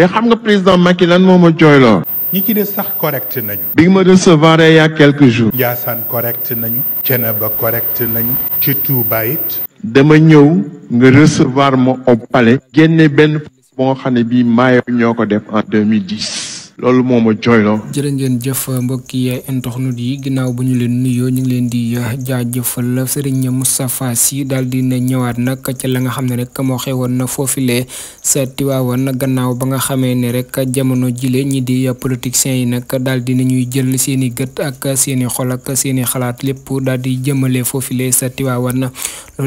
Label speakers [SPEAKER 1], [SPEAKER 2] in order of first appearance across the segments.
[SPEAKER 1] mais
[SPEAKER 2] xam nga président Macky lan moo ma jooyloo. ñi ci de sax correct nañu.
[SPEAKER 1] bi ma recevoir il y quelques jours.
[SPEAKER 2] Ndiassane correct nañu. Thiénaba correct nañu. ci Touba it.
[SPEAKER 1] dama ñëw nga recevoir mo au palais. genné mon boo xam ne bii maayo ñoo def en 2010. loolu moo ma jërë
[SPEAKER 3] ngeen jëf mbokki internet yi ginnaaw bu ñu leen nuyoo ñu ngi leen di jaajëfal Serigne Moustapha si daal di ne ñëwaat nag ca la nga xam ne rek moo xewoon na foofilee sa Tiwaawan gannaaw ba nga xamee ne rek jamono jile ñi di politiciens yi nag daal di ñuy jël seen i gët ak seeni i xol ak seen i xalaat lépp daal di jëmalee jëmale foofilee sa Tiwaawan.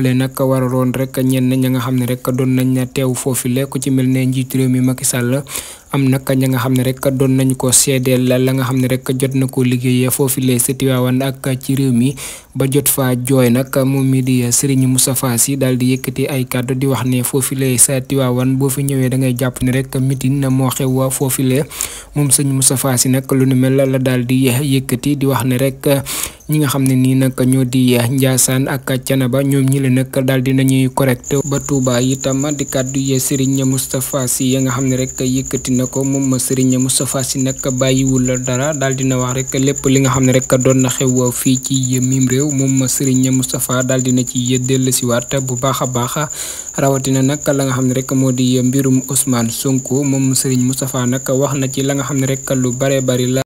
[SPEAKER 3] nak nag ron rek ñen ñi nga xam rek doon nañ teew foofule ku ci mel ne njiitu réew mi Macky Sall am nak ña nga xam rek doon nañ ko sédel la nga xam rek jot na liggéeyé fofu lé ci Tiwaawan ak ci réew mi ba jot fa joy nak moom mi di ya, Serigne Moustapha Sy dal di yëkëti ay cadeau di wax fofu lé sa Tiwaawan bo fi ñëwé da ngay japp ne rek mitin mo xew lé mum Serigne Moustapha Sy nak lu ñu mel la dal di yëkëti di wax né rek. ñi nga xam ne nii nag ñoo di Njaasaan ak Canaba ñoom ñi la nag daal di nañuy correct ba Touba itam di kàddu yi Serigne Moustapha si ya nga xam ne rek yëkkati na ko moom Serigne Moustapha si nag bàyyiwul la dara daal dina wax rek lépp li nga xam ne rek doon na xew fii ci mim réew moom ma Serigne Moustapha daal dina ci dellusiwaat bu baax a baax rawatina nag la nga xam ne rek moo di mbirum Ousmane Sonko moom Serigne Moustapha nag wax na ci la nga xam ne rek lu bare bari la